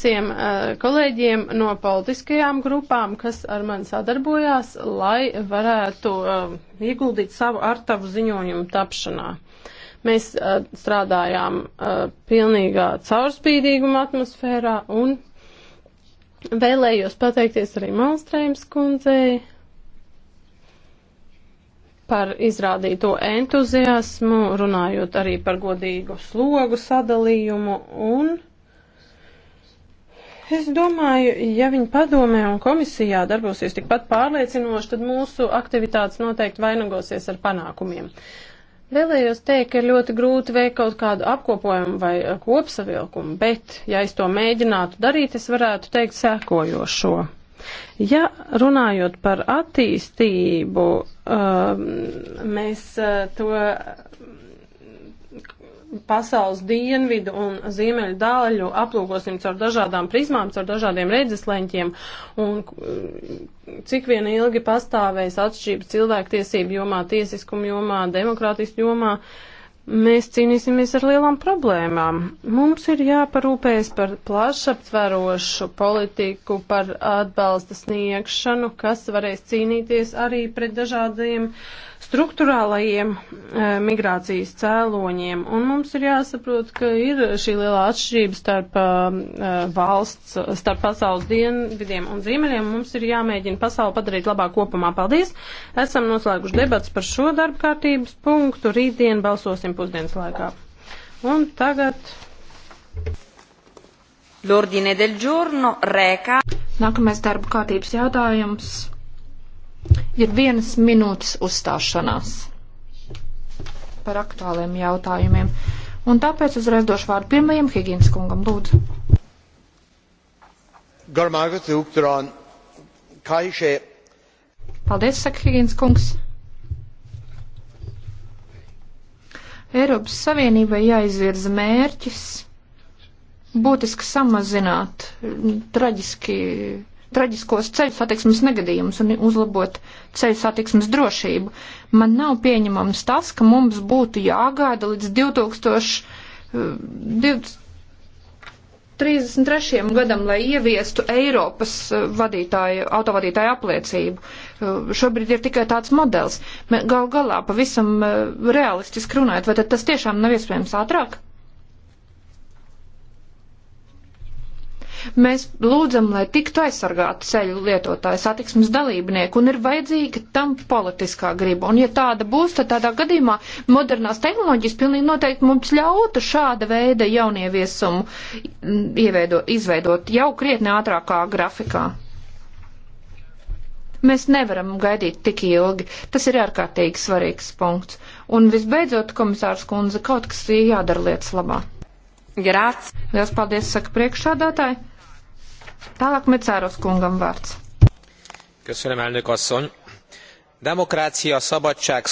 visiem eh, kolēģiem no politiskajām grupām, kas ar mani sadarbojās, lai varētu eh, ieguldīt savu artavu ziņojumu tapšanā. Mēs eh, strādājām pilnīgā caurspīdīguma atmosfērā un vēlējos pateikties arī Malstrēms kundzei par izrādīto entuziasmu, runājot arī par godīgu slogu sadalījumu un Es domāju, ja viņi padomē un komisijā darbosies tikpat pārliecinoši, tad mūsu aktivitātes noteikti vainagosies ar panākumiem. Vēlējos teikt, ka ir ļoti grūti veikt kaut kādu apkopojumu vai eh, kopsavilkumu, bet, ja es to mēģinātu darīt, es varētu teikt sēkojošo. Ja runājot par attīstību, ehm, mēs eh, to pasaules dienvidu un ziemeļu daļu aplūkosim caur dažādām prizmām, caur dažādiem redzesleņķiem un mm, cik vien ilgi pastāvēs atšķības cilvēktiesību jomā, tiesiskumu jomā, demokrātijas jomā, mēs cīnīsimies ar lielām problēmām. Mums ir jāparūpējas par plašaptverošu politiku, par atbalsta sniegšanu, kas varēs cīnīties arī pret dažādiem uh, struktūrālajiem eh, migrācijas cēloņiem, un mums ir jāsaprot, ka ir šī lielā atšķirība starp eh, eh, valsts, starp pasaules dienvidiem un ziemeļiem. Mums ir jāmēģina pasauli padarīt labāk kopumā. Paldies! Esam noslēguši debats par šo darba kārtības punktu. Rītdien balsosim pusdienas laikā. Un tagad. L'ordine del giorno reca. Nākamais darba kārtības jautājums. Ir vienas minūtes uzstāšanās par aktuāliem jautājumiem. Un tāpēc uzreiz došu vārdu pirmajam Higīnas kungam, lūdzu. Paldies, saka Higīnas kungs. Eiropas Savienībai jāizvirza mērķis būtiski samazināt traģiski traģiskos ceļu satiksmes negadījumus un uzlabot ceļu satiksmes drošību. Man nav pieņemams tas, ka mums būtu jāgāda līdz 2000. 33. Eh, gadam, lai ieviestu Eiropas eh, vadītāju, autovadītāju apliecību. Eh, šobrīd ir tikai tāds modelis. Gal galā pavisam realistiski runājot, vai tad tas tiešām nav iespējams ātrāk? Mēs lūdzam, lai tiktu aizsargāti ceļu lietotāji, satiksmes dalībnieki, un ir vajadzīga tam politiskā griba. Un ja tāda būs, tad tādā gadījumā modernās tehnoloģijas pilnīgi noteikti mums ļautu šāda veida jaunieviesumu ieveido, izveidot jau krietni ātrākā grafikā. Mēs nevaram gaidīt tik ilgi. Tas ir ārkārtīgi svarīgs punkts. Un visbeidzot, komisārs kundze, kaut kas ir jādara lietas labā. Grāts. Lielas paldies, saka priekšādātāji. Tālāk Mecāros kungam vārds. Köszönöm, elnök asszony. Demokrácia, szabadság.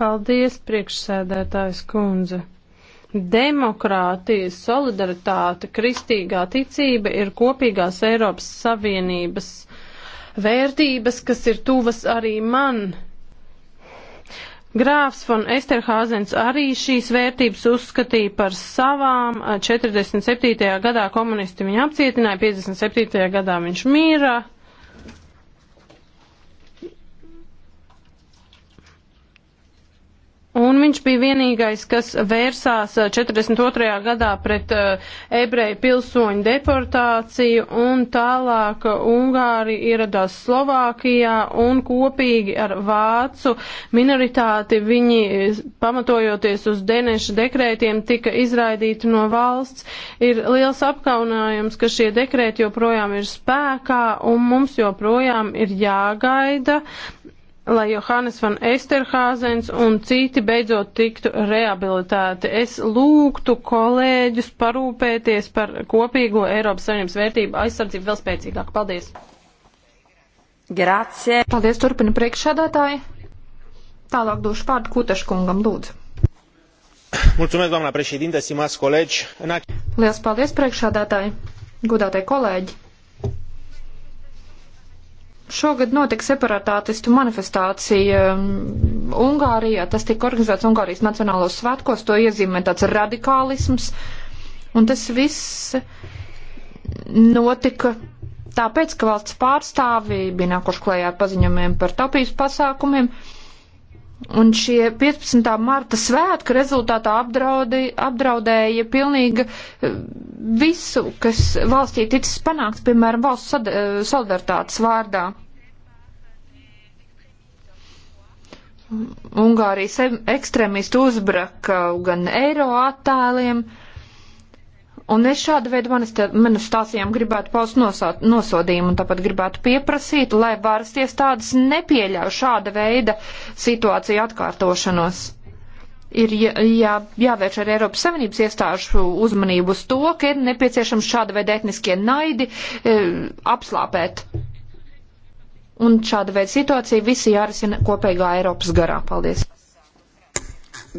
Paldies, priekšsēdētājs kundze. Demokrātija, solidaritāte, kristīgā ticība ir kopīgās Eiropas Savienības vērtības, kas ir tuvas arī man, Grāfs von Esterhāzens arī šīs vērtības uzskatīja par savām. 47. gadā komunisti viņu apcietināja, 57. gadā viņš mīra. Un viņš bija vienīgais, kas vērsās 42. Eh, gadā pret uh, ebreju pilsoņu deportāciju, un tālāk eh, Ungāri ieradās Slovākijā, un kopīgi ar vācu minoritāti viņi, pamatojoties uz deneša dekrētiem, tika izraidīti no valsts. Ir liels apkaunājums, ka šie dekrēti joprojām ir spēkā, un mums joprojām ir jāgaida, lai Johannes van Esterhāzens un citi beidzot tiktu reabilitēti. Es lūgtu kolēģus parūpēties par kopīgo Eiropas Savienības vērtību aizsardzību vēl spēcīgāk. Paldies! Grācie! Paldies, turpina priekšsēdētāji! Tālāk došu pārdu Kutaškungam, lūdzu. Mulțumesc, doamna președinte, stimați colegi. Liels paldies, priekšsēdētāji, godātai kolēģi! Šogad notika separatātistu manifestācija um, Ungārijā. Tas tika organizēts Ungārijas Nacionālos svētkos. To iezīmē tāds radikālisms. Un tas viss notika tāpēc, ka valsts pārstāvji bija nākuši klējā ar paziņojumiem par tapības pasākumiem, Un šie 15. marta svētki rezultātā apdraudi, apdraudēja pilnīgi eh, visu, kas valstī ticis panākts, piemēram, valsts eh, solidaritātes vārdā. Ungārijas ekstrēmisti uzbraka gan eiro attēliem, uh, Un es šādu veidu manifestācijām gribētu paust nosot, nosodījumu un tāpat gribētu pieprasīt, lai varas iestādes nepieļauj šāda veida situāciju atkārtošanos. Ir jā, jā, jāvērš ar Eiropas Savienības iestāžu uzmanību uz to, ka ir nepieciešams šāda veida etniskie naidi e, apslāpēt. Un šāda veida situācija visi jārisina kopīgā Eiropas garā. Paldies!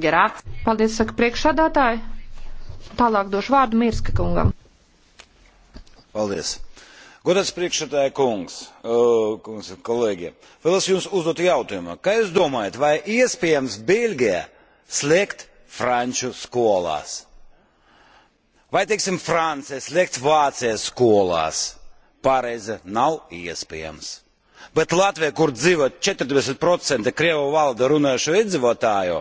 Grāt. Paldies, saka priekšādātāji! Tālāk došu vārdu Mirska kungam. Paldies. Godāts priekšsēdētāja kungs, kungs un kolēģi, vēlos jums uzdot jautājumu. Kā jūs domājat, vai iespējams Beļģijā slēgt franču skolās? Vai, teiksim, Francijā slēgt Vācijas skolās? Pareizi nav iespējams. Bet Latvijā, kur dzīvo 40% krievu valoda runājušo iedzīvotāju,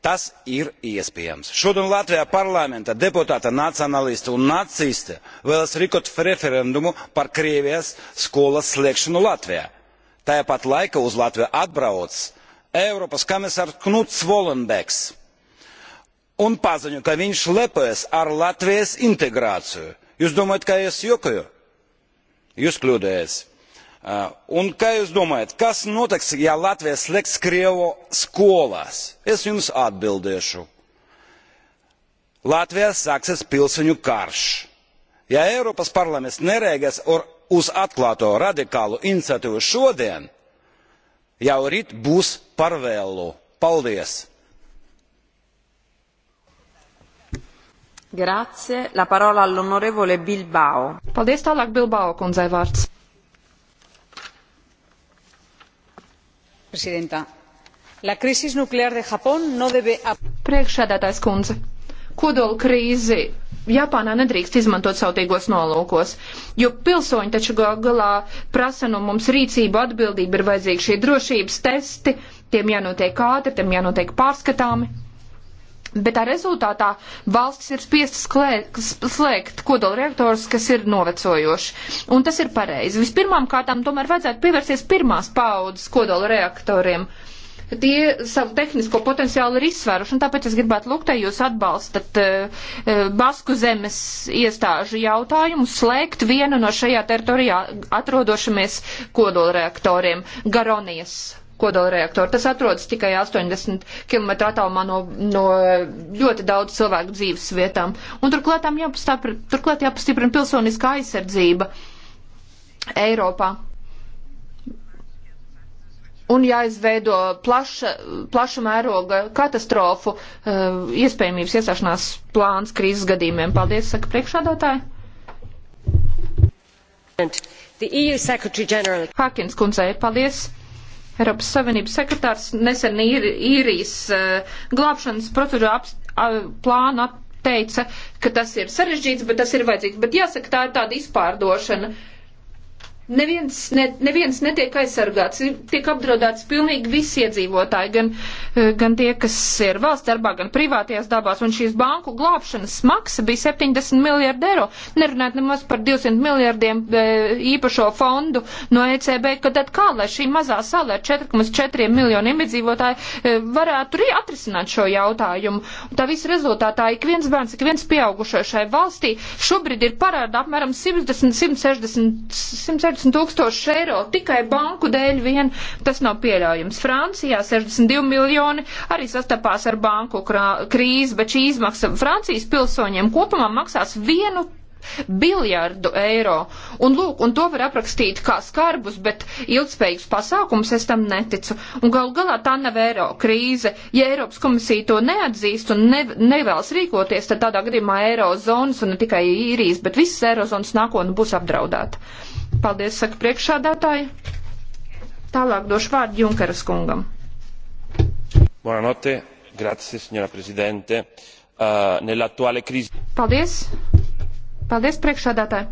Tas ir iespējams. Šodien Latvijā parlamenta deputāta nacionālisti un nacisti vēlas rīkot referendumu par Krievijas skolas slēgšanu Latvijā. Tāpat laika uz Latviju atbrauc Eiropas komisārs Knuts Volenbeks un paziņo, ka viņš lepojas ar Latvijas integrāciju. Jūs domājat, ka es jokoju? Jūs kļūdājaties. Un kā jūs domājat, kas notiks, ja Latvija slēgs Krievu skolās? Es jums atbildēšu. Latvijā sāksies pilsoņu karš. Ja Eiropas parlaments nereagēs uz atklāto radikālu iniciatīvu šodien, jau rīt būs par vēlu. Paldies! Grazie. La parola all'onorevole Bilbao. Paldies tālāk Bilbao kundzei vārds. presidenta. La crisis nuclear de Japón no debe. Priekšsēdētājs kundze. Kodola krīzi Japānā nedrīkst izmantot sautīgos nolūkos, jo pilsoņi taču gal galā prasa no mums rīcību atbildību, ir vajadzīgi šie drošības testi, tiem jānotiek ātri, tiem jānotiek pārskatāmi. Bet tā rezultātā valstis ir spiestas slēgt kodolreaktorus, kas ir novecojoši. Un tas ir pareizi. Vispirmām kārtām tomēr vajadzētu pievērsties pirmās paudzes kodolreaktoriem. Tie savu tehnisko potenciālu ir izsvēruši, un tāpēc es gribētu lūgt, ja jūs atbalstat uh, Basku zemes iestāžu jautājumu slēgt vienu no šajā teritorijā atrodošamies kodolreaktoriem - Garonijas kodolreaktoru. Tas atrodas tikai 80 km attālumā no, no ļoti daudz cilvēku dzīves vietām. Un turklāt, turklāt jāpastiprina pilsoniskā aizsardzība Eiropā. Un jāizveido plaša, plaša mēroga katastrofu eh, iespējamības iestāšanās plāns krīzes gadījumiem. Paldies, saka priekšādātāji. Harkins e kundzei, paldies. Eiropas Savienības sekretārs nesen ir, īrijas uh, glābšanas procedūru ap, uh, plānu teica, ka tas ir sarežģīts, bet tas ir vajadzīgs. Bet jāsaka, tā ir tāda izpārdošana. Uh, Neviens, ne, neviens netiek aizsargāts, tiek apdraudēts pilnīgi visi iedzīvotāji, gan, eh, gan tie, kas ir valsts darbā, gan privātajās dabās, un šīs banku glābšanas maksa bija 70 miljardi eiro, nerunājot nemaz par 200 miljardiem eh, īpašo fondu no ECB, ka tad kā, lai šī mazā sala ar 4,4 miljoniem iedzīvotāji eh, varētu arī atrisināt šo jautājumu. Un tā visa rezultātā ik viens bērns, ik viens pieaugušo šai valstī šobrīd ir parāda apmēram 160, 160 15 tūkstoši eiro tikai banku dēļ vien, tas nav pieļaujams. Francijā 62 miljoni arī sastapās ar banku krīzi, bet šī izmaksa Francijas pilsoņiem kopumā maksās vienu biljardu eiro. Un lūk, un to var aprakstīt kā skarbus, bet ilgspējīgus pasākumus es tam neticu. Un gal galā tā nav eiro krīze. Ja Eiropas komisija to neatzīst un ne, nevēlas rīkoties, tad tādā gadījumā eirozonas un ne tikai īrijas, bet visas eirozonas nākotne būs apdraudēta. Paldies, saka priekšādātāji. Tālāk došu vārdu Junkeras kungam. Buonanotte, grazie signora Presidente. Uh, nell'attuale crisi. Paldies. Paldies, priekšsādātāji!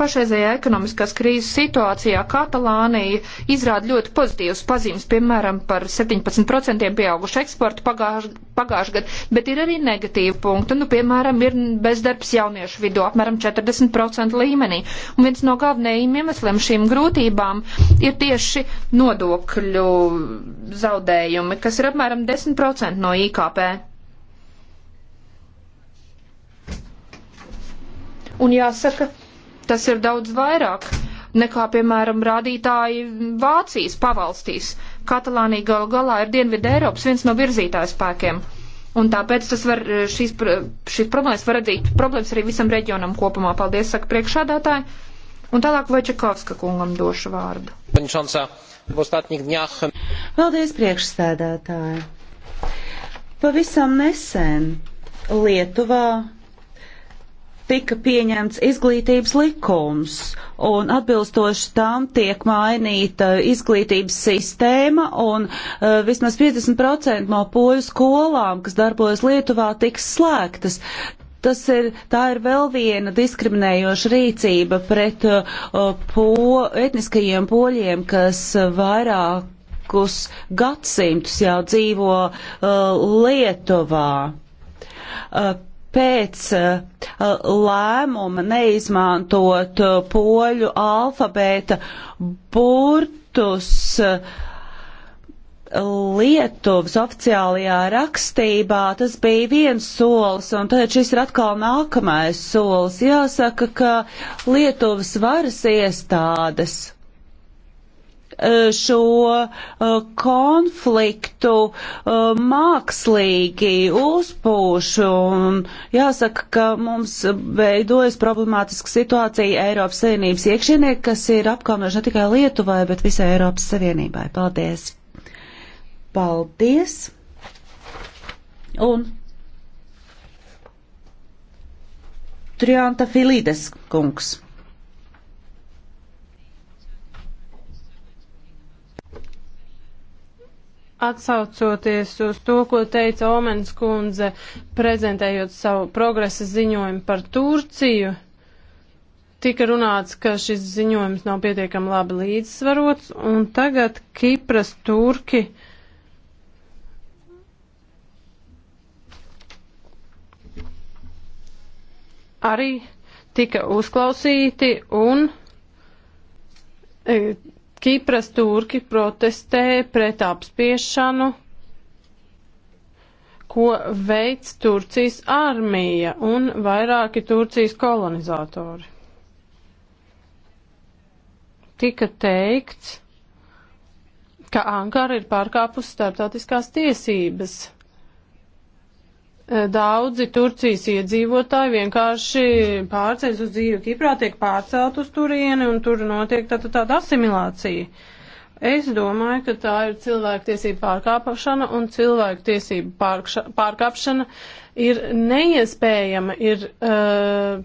pašreizējā ekonomiskās krīzes situācijā Katalānija izrāda ļoti pozitīvas pazīmes, piemēram, par 17% pieaugušu eksportu pagājušajā gadā, bet ir arī negatīvi punkti. Nu, piemēram, ir bezdarbs jauniešu vidū apmēram 40% līmenī. Un viens no galvenajiem iemesliem šīm grūtībām ir tieši nodokļu zaudējumi, kas ir apmēram 10% no IKP. Un jāsaka, tas ir daudz vairāk nekā, piemēram, rādītāji Vācijas pavalstīs. Katalānija gal galā ir Dienvidu Eiropas viens no virzītājs spēkiem. Un tāpēc tas var, eh, šīs, šīs problēmas var radīt problēmas arī visam reģionam kopumā. Paldies, saka priekšādātāji. Un tālāk Večakovska kungam došu vārdu. Paldies, priekšsēdētāji. Pavisam nesen Lietuvā tika pieņemts izglītības likums, un atbilstoši tam tiek mainīta izglītības sistēma, un uh, vismaz 50% no poļu skolām, kas darbojas Lietuvā, tiks slēgtas. Tas ir, tā ir vēl viena diskriminējoša rīcība pret uh, po, etniskajiem poļiem, kas vairākus gadsimtus jau dzīvo uh, Lietuvā. Uh, pēc eh, lēmuma neizmantot eh, poļu alfabēta burtus eh, Lietuvas oficiālajā rakstībā tas bija viens solis, un tad šis ir atkal nākamais solis. Jāsaka, ka Lietuvas varas iestādes šo uh, konfliktu uh, mākslīgi uzpūšu. Un jāsaka, ka mums veidojas problemātiska situācija Eiropas Savienības iekšienē, kas ir apkaunoša ne tikai Lietuvai, bet visai Eiropas Savienībai. Paldies! Paldies! Un Trianta Filides kungs. Atsaucoties uz to, ko teica Omens kundze, prezentējot savu progresa ziņojumu par Turciju, tika runāts, ka šis ziņojums nav pietiekami labi līdzsvarots, un tagad Kipras turki arī tika uzklausīti un e, Kipras turki protestē pret apspiešanu, ko veids Turcijas armija un vairāki Turcijas kolonizatori. Tika teikts, ka Ankara ir pārkāpus starptautiskās tiesības. Daudzi Turcijas iedzīvotāji vienkārši pārceļas uz dzīvi Kiprā, tiek pārcelt uz turieni un tur notiek tāda tā, tā asimilācija. Uh, Es domāju, ka tā ir cilvēktiesība pārkāpšana un cilvēktiesība pārkša, pārkāpšana ir neiespējama, ir uh,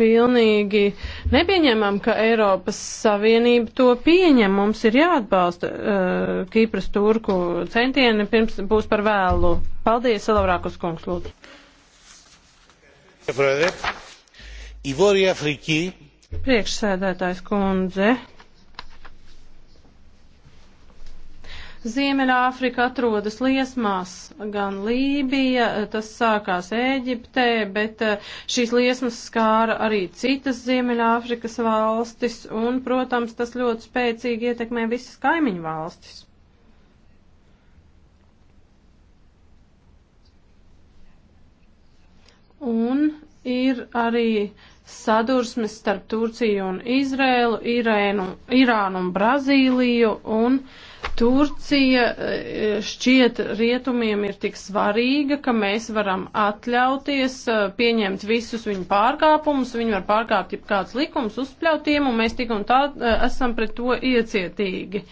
pilnīgi nepieņemama, ka Eiropas Savienība to pieņem. Mums ir jāatbalsta uh, Kīpras turku centieni, pirms būs par vēlu. Paldies, Lavrākus kungs, lūdzu. Priekšsēdētājs kundze, Ziemeļāfrika atrodas liesmās, gan Lībija, eh, tas sākās Ēģiptē, bet eh, šīs liesmas skāra arī citas Ziemeļāfrikas valstis, un, protams, tas ļoti spēcīgi ietekmē visas kaimiņu valstis. Un ir arī sadursmes starp Turciju un Izrēlu, Irēnu, Irānu un Brazīliju, un uh, Turcija e, šķiet rietumiem ir tik svarīga, ka mēs varam atļauties e, pieņemt visus viņu pārkāpumus, viņi var pārkāpt jau kāds likums, uzspļautiem, un mēs tik un tā e, esam pret to iecietīgi.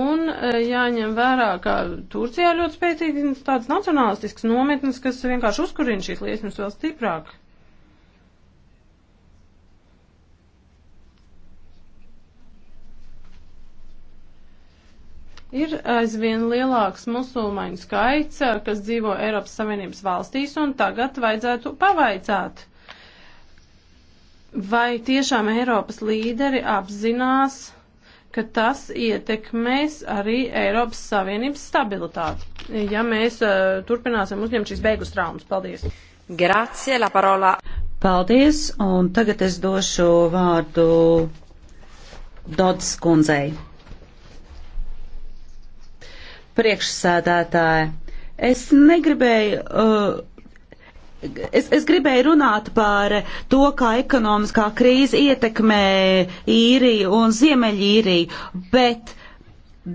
Un jāņem vērā, ka Turcijā ļoti spēcīgi tāds nacionālistisks nometnes, kas vienkārši uzkurina šīs liesmas vēl stiprāk. Ir aizvien lielāks musulmaņu skaits, eh, kas dzīvo Eiropas Savienības valstīs, un tagad vajadzētu pavaicāt, vai tiešām Eiropas līderi apzinās, ka tas ietekmēs arī Eiropas Savienības stabilitāti, ja mēs uh, turpināsim uzņemt šīs beigu traumas. Paldies! Grazie, la parola! Paldies, un tagad es došu vārdu Dodas kundzei priekšsēdētāji. Es negribēju. Uh, Es, es gribēju runāt par to, kā ekonomiskā krīze ietekmē īriju un ziemeļīriju, bet,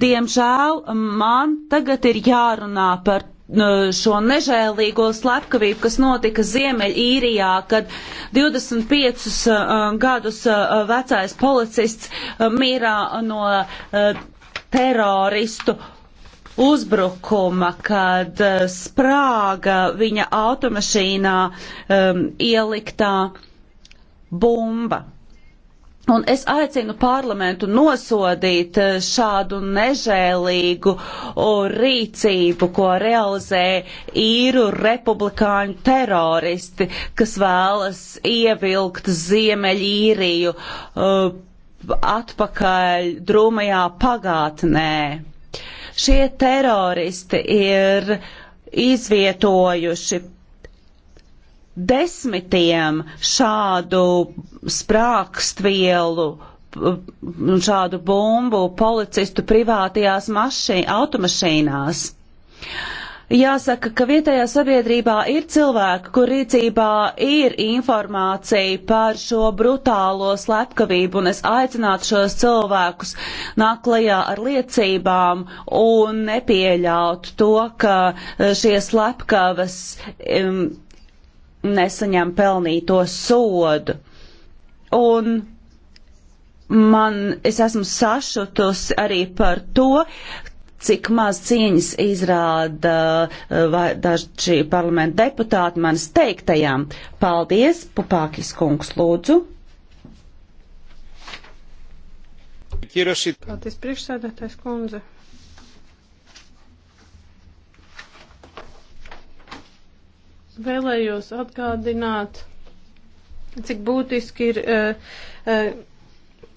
diemžēl, man tagad ir jārunā par uh, šo nežēlīgo slepkavību, kas notika Ziemeļīrijā, kad 25 uh, gadus uh, vecais policists mirā no teroristu uzbrukuma, kad eh, sprāga viņa automašīnā um, ieliktā bumba. Un es aicinu parlamentu nosodīt eh, šādu nežēlīgu rīcību, ko realizē īru republikāņu teroristi, kas vēlas ievilkt Ziemeļīriju uh, atpakaļ drūmajā pagātnē. Šie teroristi ir izvietojuši desmitiem šādu sprākstvielu šādu bumbu policistu privātajās mašī, automašīnās. Uh, Jāsaka, ka vietējā sabiedrībā ir cilvēki, kur rīcībā ir informācija par šo brutālo slepkavību, un es aicinātu šos cilvēkus nāk klajā ar liecībām un nepieļaut to, ka e, šie slepkavas um, nesaņem pelnīto sodu. Un man, es esmu sašutusi arī par to, cik maz cieņas izrāda eh, daži parlamenta deputāti manas teiktajām. Paldies, Pupākis kungs, lūdzu. Paldies, priekšsēdētājs kundze. Vēlējos atgādināt, cik būtiski ir. Uh, uh,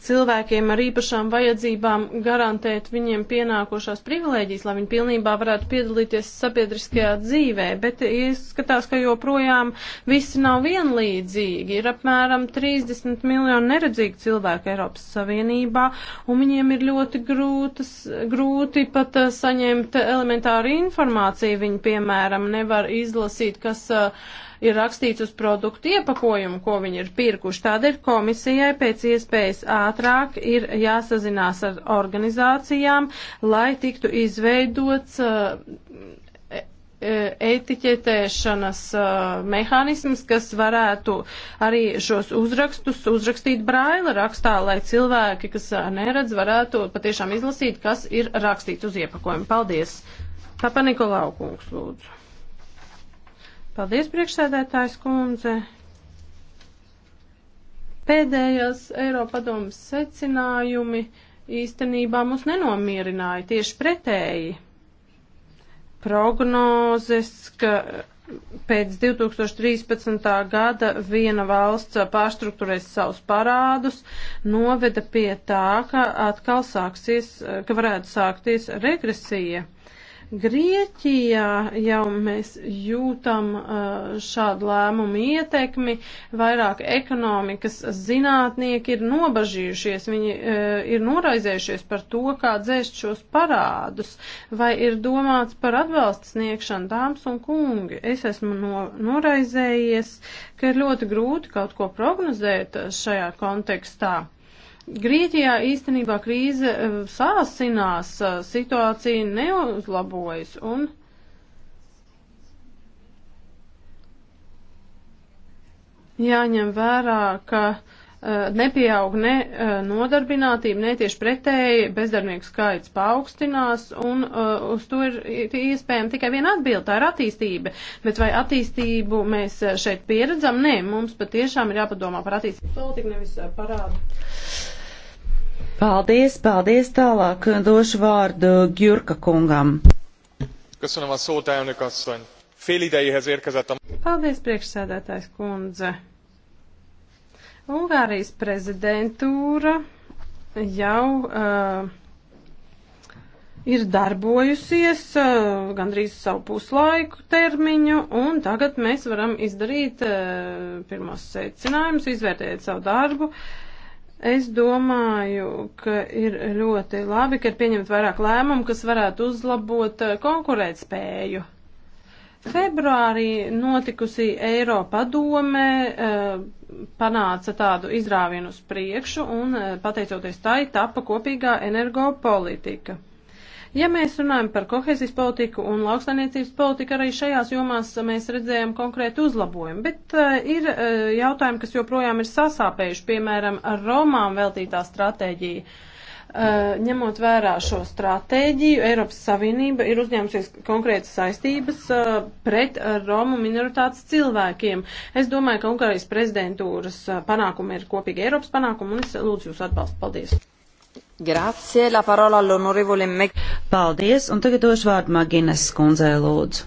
cilvēkiem ar īpašām vajadzībām garantēt viņiem pienākošās privilēģijas, lai viņi pilnībā varētu piedalīties sabiedriskajā dzīvē, bet izskatās, ka joprojām visi nav vienlīdzīgi. Ir apmēram 30 miljoni neredzīgu cilvēku Eiropas Savienībā, un viņiem ir ļoti grūtas, grūti pat uh, saņemt elementāru informāciju. Viņi, piemēram, nevar izlasīt, kas uh, ir rakstīts uz produktu iepakojumu, ko viņi ir pirkuši. Tādēļ komisijai pēc iespējas ātrāk ir jāsazinās ar organizācijām, lai tiktu izveidots uh, e, e, etiķetēšanas uh, mehānisms, kas varētu arī šos uzrakstus uzrakstīt braila rakstā, lai cilvēki, kas uh, neredz, varētu patiešām izlasīt, kas ir rakstīts uz iepakojuma. Paldies! Papa Nikolau kungs, lūdzu. Paldies, priekšsēdētājs kundze. Pēdējās Eiropadomas secinājumi īstenībā mūs nenomierināja tieši pretēji. Prognozes, ka pēc 2013. gada viena valsts pārstruktūrēs savus parādus, noveda pie tā, ka atkal sāksies, ka varētu sākties regresija. Grieķijā jau mēs jūtam uh, šādu lēmumu ietekmi, vairāk ekonomikas zinātnieki ir nobažījušies, viņi uh, ir noraizējušies par to, kā dzēst šos parādus, vai ir domāts par atbalstu sniegšanu dāmas un kungi. Es esmu no, noraizējies, ka ir ļoti grūti kaut ko prognozēt šajā kontekstā. Grieķijā īstenībā krīze eh, sāsinās, eh, situācija neuzlabojas un. Jāņem vērā, ka uh, nepieaug ne nodarbinātība, ne tieši pretēji bezdarbnieku skaits paaugstinās, un uh, uz to ir iespējama tikai viena atbilde, tā ir attīstība. Bet vai attīstību mēs šeit pieredzam? Nē, mums patiešām ir jāpadomā par attīstības politiku, nevis parādu. Paldies, paldies tālāk. Došu vārdu Gjurka kungam. Köszönöm a szót, elnök asszony. Fél idejéhez érkezett a... Paldies, priekšsēdētājs kundze. Ungārijas prezidentūra jau uh, ir darbojusies uh, gandrīz savu puslaiku termiņu, un tagad mēs varam izdarīt uh, pirmos secinājumus, izvērtēt savu darbu. Uh, Es domāju, ka ir ļoti labi, ka ir pieņemt vairāk lēmumu, kas varētu uzlabot eh, konkurētspēju. Februārī notikusī Eiropadome eh, panāca tādu izrāvienu uz priekšu un eh, pateicoties tai tapa kopīgā energopolitika. politika. Ja mēs runājam par kohezijas politiku un lauksainiecības politiku, arī šajās jomās mēs redzējām konkrētu uzlabojumu, bet uh, ir uh, jautājumi, kas joprojām ir sasāpējuši, piemēram, ar Romām veltītā stratēģija. Uh, ņemot vērā šo stratēģiju, Eiropas Savienība ir uzņēmusies konkrētas saistības uh, pret uh, Romu minoritātes cilvēkiem. Es domāju, ka Ungārijas prezidentūras panākumi ir kopīgi Eiropas panākumi, un es lūdzu jūs atbalstu. Paldies! Grazie, la parola all'onorevole Mek. Paldies, un tagad došu vārdu Magines skundzē lūdzu.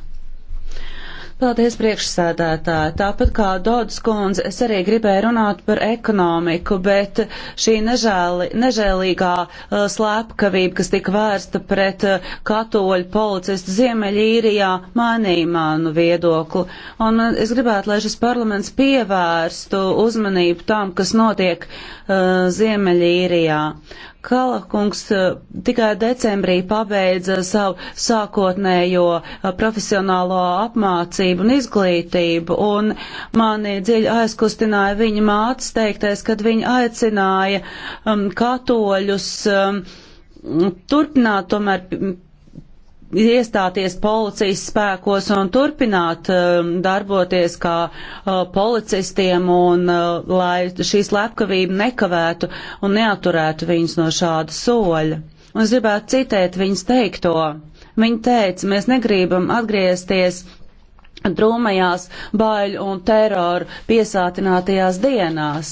Paldies, priekšsēdētāji. Tāpat kā Dodas kundze, es arī gribēju runāt par ekonomiku, bet šī nežēli, nežēlīgā uh, slēpkavība, kas tika vērsta pret uh, katoļu policistu Ziemeļīrijā, mainīja manu viedokli. Un man, uh, es gribētu, lai šis parlaments pievērstu uzmanību tam, kas notiek uh, Ziemeļīrijā. Kalakungs eh, tikai decembrī pabeidza savu sākotnējo eh, profesionālo apmācību un izglītību, un mani dziļi aizkustināja viņa mātes teiktais, kad viņa aicināja um, katoļus um, turpināt tomēr iestāties policijas spēkos un turpināt um, darboties kā uh, policistiem un uh, lai šī slepkavība nekavētu un neaturētu viņus no šāda soļa. Un es gribētu citēt viņas teikto. Viņa teica, mēs negribam atgriezties drūmajās baiļu un teroru piesātinātajās dienās.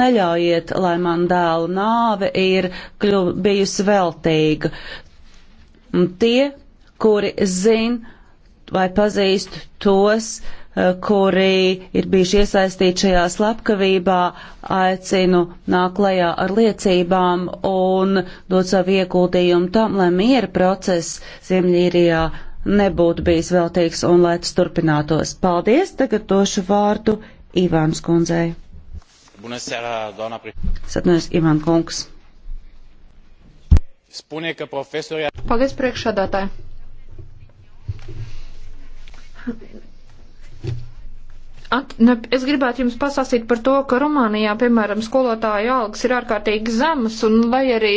Neļaujiet, lai man dēlu nāve ir bijusi veltīga. Un tie, kuri zina vai pazīst tos, eh, kuri ir bijuši iesaistīti šajā slepkavībā, aicinu nāk lajā ar liecībām un dot savu ieguldījumu tam, lai miera process Ziemļīrijā nebūtu bijis veltīgs un lai tas turpinātos. Paldies, tagad došu vārdu Ivāns kundzei. Satnēs Ivān kungs. Paldies priekšādātāji. At, ne, es gribētu jums pasāstīt par to, ka Rumānijā, piemēram, skolotāja algas ir ārkārtīgi zemas, un lai arī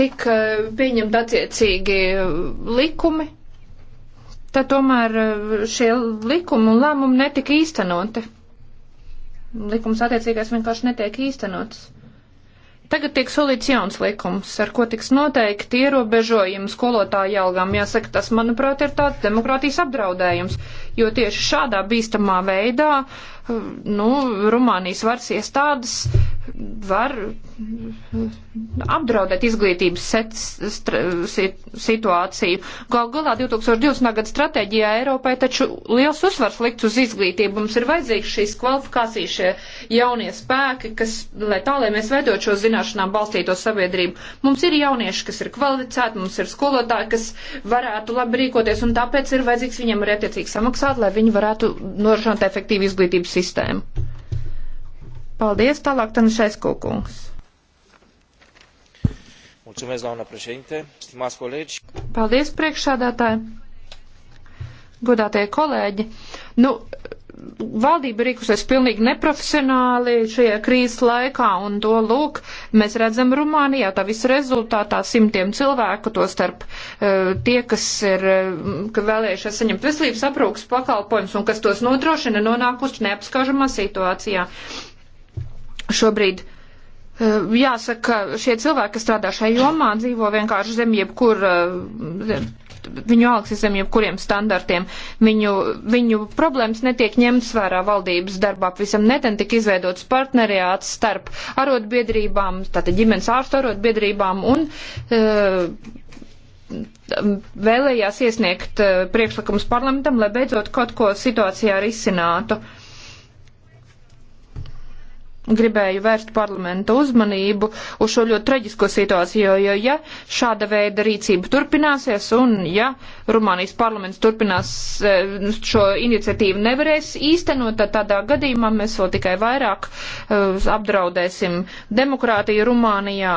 tika eh, pieņemt attiecīgi eh, likumi, tad tomēr eh, šie likumi un lēmumi netika īstenoti. Likums attiecīgais vienkārši netiek īstenots. Tagad tiek solīts jauns likums, ar ko tiks noteikti ierobežojumi skolotāju algām. Jāsaka, tas, manuprāt, ir tāds demokrātijas apdraudējums, jo tieši šādā bīstamā veidā, eh, nu, Rumānijas varas iestādes var mm, apdraudēt izglītības situāciju. Gal galā 2020. gada stratēģijā Eiropai taču liels uzsvars likt uz izglītību. Mums ir vajadzīgs šīs kvalifikācijas, šie jaunie spēki, kas, lai tā, lai mēs veidot šo zināšanām balstīto sabiedrību. Mums ir jaunieši, kas ir kvalificēti, mums ir skolotāji, kas varētu labi rīkoties, un tāpēc ir vajadzīgs viņiem arī attiecīgi samaksāt tādu, lai viņi varētu norošanot efektīvu izglītības sistēmu. Paldies, tālāk Tanišais Kukungs. Mulțumesc, doamnă președinte, stimați colegi. Paldies, priekšsādātāji godātie kolēģi, nu, valdība rīkusies pilnīgi neprofesionāli šajā krīzes laikā, un to lūk, mēs redzam Rumānijā, tā visa rezultātā simtiem cilvēku, to starp uh, tie, kas ir uh, vēlējušies saņemt veselības aprūpas pakalpojumus un kas tos nodrošina, nonākuši neapskaužamā situācijā. Šobrīd uh, jāsaka, šie cilvēki, kas strādā šajā jomā, dzīvo vienkārši zem jebkur eh, viņu algas ir zem jebkuriem standartiem, viņu, viņu problēmas netiek ņemtas vērā valdības darbā, visam neten tik izveidots partneriāts starp arotbiedrībām, tātad ģimenes ārstu arotbiedrībām un. Uh, vēlējās iesniegt eh, priekšlikumus parlamentam, lai beidzot kaut ko situācijā risinātu. Uh, gribēju vērst parlamenta uzmanību uz šo ļoti traģisko situāciju, jo, ja šāda veida rīcība turpināsies un ja Rumānijas parlaments turpinās e, šo iniciatīvu nevarēs īstenot, tad tādā gadījumā mēs vēl tikai vairāk e, apdraudēsim demokrātiju Rumānijā.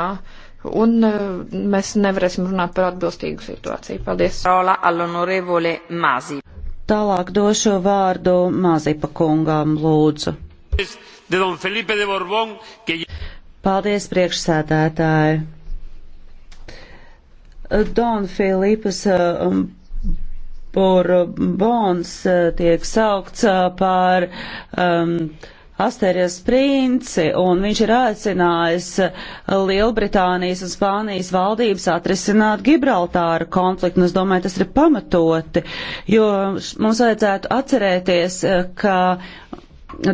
Un e, mēs nevarēsim runāt par atbilstīgu situāciju. Paldies. Tālāk došu vārdu Mazipa kungām, lūdzu de don Felipe de Borbón, que... Paldies, priekšsēdētāji. Don Filipas um, Borbons uh, tiek saukts uh, par um, Asterijas princi, un viņš ir aicinājis uh, Lielbritānijas un Spānijas valdības atrisināt Gibraltāru konfliktu, un es domāju, tas ir pamatoti, jo mums vajadzētu atcerēties, ka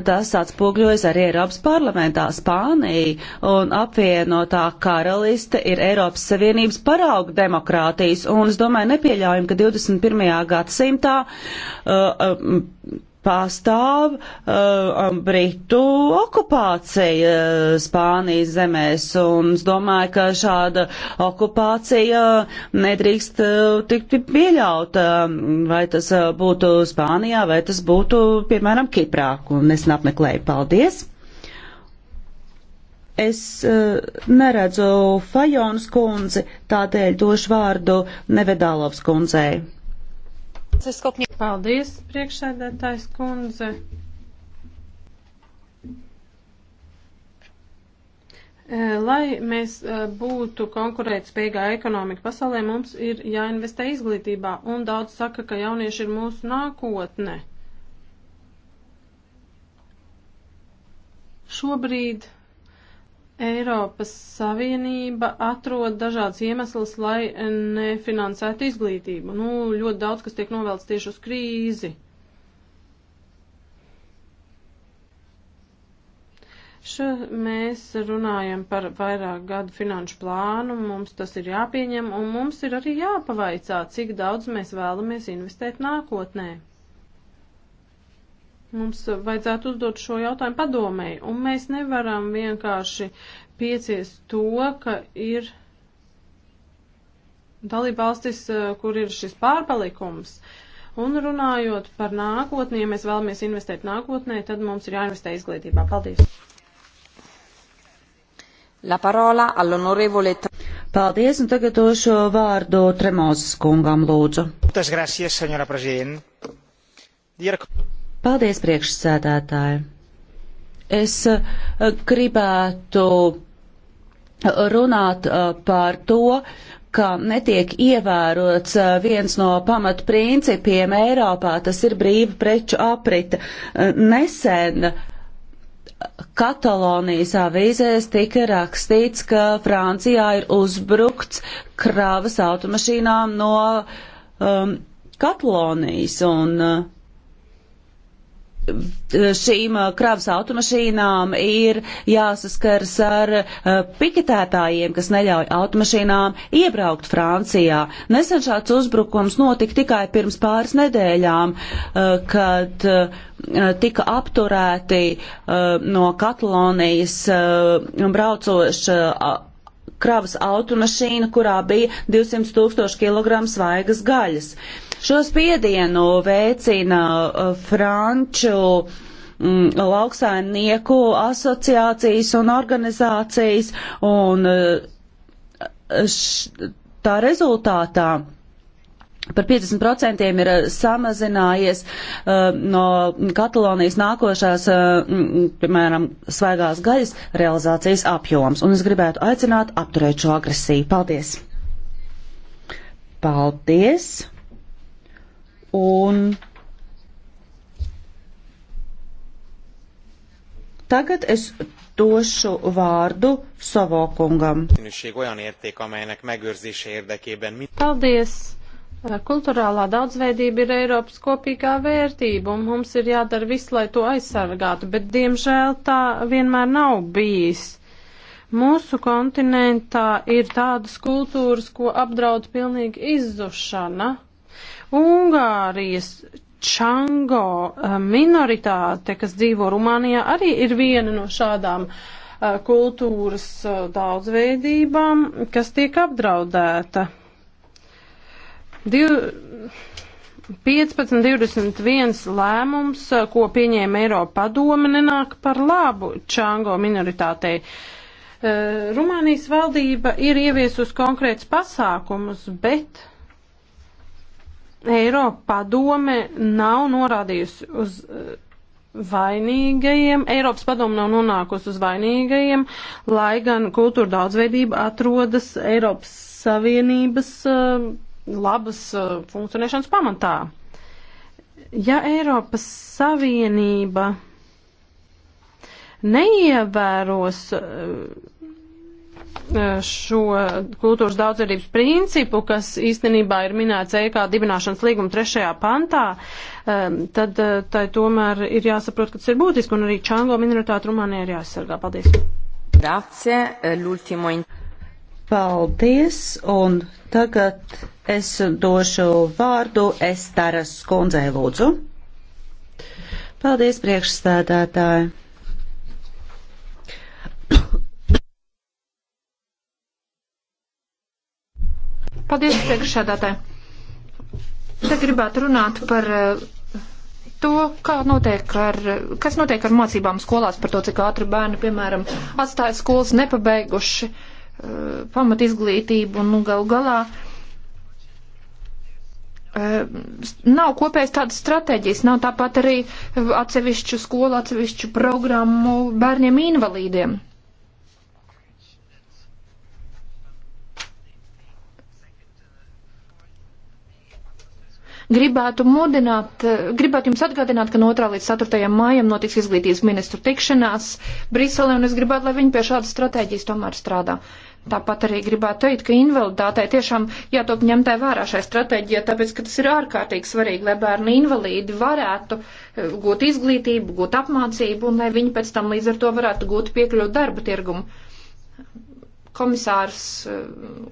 tas atspūgļojas arī Eiropas parlamentā. Spānija un apvienotā karaliste ir Eiropas Savienības parauga demokrātijas, un es domāju, nepieļaujam, ka 21. gadsimtā uh, uh, pastāv uh, Britu okupācija eh, Spānijas zemēs, un es domāju, ka šāda okupācija nedrīkst uh, tikt pieļauta, vai tas uh, būtu Spānijā, vai tas būtu, piemēram, Kiprā, un es apmeklēju. Paldies! Es uh, neredzu Fajonas kundzi, tādēļ došu vārdu Nevedālovs kundzei. Paldies, priekšsēdētājs kundze. Eh, lai mēs eh, būtu konkurētspējīgā ekonomika pasaulē, mums ir jāinvestē izglītībā, un daudz saka, ka jaunieši ir mūsu nākotne. Šobrīd Eiropas Savienība atrod dažādas iemeslas, lai nefinansētu izglītību. Nu, ļoti daudz, kas tiek novēlts tieši uz krīzi. Še mēs runājam par vairāk gadu finanšu plānu, mums tas ir jāpieņem, un mums ir arī jāpavaicā, cik daudz mēs vēlamies investēt nākotnē. Mums vajadzētu uzdot šo jautājumu padomēji, un mēs nevaram vienkārši piecies to, ka ir dalība valstis, eh, kur ir šis pārpalikums. Un runājot par nākotni, ja mēs vēlamies investēt nākotnē, tad mums ir jāinvestē izglītībā. Paldies! La parola all'onorevole. Paldies, un tagad došu vārdu Tremozes kungam, lūdzu. Tas gracias, senora prezident. Dier... Paldies, priekšsēdētāji. Es eh, gribētu runāt eh, par to, ka netiek ievērots eh, viens no pamatprincipiem Eiropā, tas ir brīva preču aprita. Nesen Katalonijas avīzēs tika rakstīts, ka Francijā ir uzbrukts kravas automašīnām no um, Katalonijas un uh, šīm kravas automašīnām ir jāsaskars ar piketētājiem, kas neļauj automašīnām iebraukt Francijā. Nesen šāds uzbrukums notika tikai pirms pāris nedēļām, kad tika apturēti no Katalonijas braucoša kravas automašīnu, kurā bija 200 tūkstoši kg svaigas gaļas. Šo spiedienu veicina uh, franču mm, lauksainieku asociācijas un organizācijas, un uh, š, tā rezultātā Par 50% ir eh, samazinājies uh, no Katalonijas nākošās, uh, piemēram, svaigās gaļas realizācijas apjoms. Un es gribētu aicināt apturēt šo agresiju. Paldies! Paldies! Un tagad es došu vārdu Savokungam. Paldies! Kulturālā daudzveidība ir Eiropas kopīgā vērtība, un mums ir jādara viss, lai to aizsargātu, bet diemžēl tā vienmēr nav bijis. Mūsu kontinentā ir tādas kultūras, ko apdraud pilnīgi izzušana. Ungārijas čango minoritāte, kas dzīvo Rumānijā, arī ir viena no šādām kultūras daudzveidībām, kas tiek apdraudēta. Div... 15.21 lēmums, eh, ko pieņēma Eiropa padome, nenāk par labu Čango minoritātei. Eh, Rumānijas valdība ir ieviesus konkrēts pasākumus, bet Eiropa padome nav norādījusi uz eh, vainīgajiem, Eiropas padomu nav nonākusi uz vainīgajiem, lai gan kultūra daudzveidība atrodas Eiropas Savienības uh, labas uh, funkcionēšanas pamatā. Ja Eiropas Savienība neievēros uh, uh, šo kultūras daudzveidības principu, kas īstenībā ir minēts EK dibināšanas līguma trešajā pantā, um, tad uh, tai tomēr ir jāsaprot, ka tas ir būtiski, un arī čango minoritāte Rumānijā ir jāaizsargā. Paldies! Grazie, l'ultimo. Paldies, un tagad es došu vārdu Estaras kundzei lūdzu. Paldies, priekšstādātāji. Paldies, priekšsādātāji. Te gribētu runāt par eh, to, kā notiek ar, kas notiek ar mācībām skolās, par to, cik ātri bērni, piemēram, atstāja skolas nepabeiguši. Uh, Eh, pamat izglītību un nu, gal galā eh, nav kopējas tādas stratēģijas, nav tāpat arī atsevišķu skolu, atsevišķu programmu bērniem invalīdiem. gribētu mudināt, eh, gribētu jums atgādināt, ka no 2. līdz 4. mājam notiks izglītības ministru tikšanās Briselē, un es gribētu, lai viņi pie šādas stratēģijas tomēr strādā. Tāpat arī gribētu teikt, ka invaliditātei tiešām jātop ņemtē vērā šai stratēģijai, tāpēc, ka tas ir ārkārtīgi svarīgi, lai bērni invalīdi varētu eh, gūt izglītību, gūt apmācību un lai viņi pēc tam līdz ar to varētu gūt piekļūt darba tirgumu. Komisārs, eh,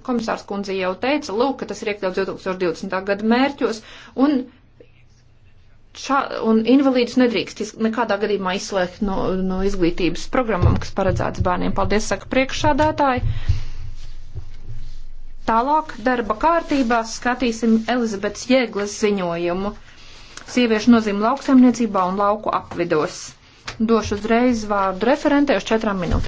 komisārs kundze jau teica, lūk, ka tas ir iekļauts 2020. gada mērķos un šā, un invalīdus nedrīkst iz, nekādā gadījumā izslēgt no, no izglītības programmām, kas paredzētas bērniem. Paldies, saka priekšsādātāji. Tālāk darba kārtībā skatīsim Elizabetes Jēglas ziņojumu. Sieviešu nozīme lauksaimniecībā un lauku apvidos. Došu uzreiz vārdu referentē uz četrām minūtēm.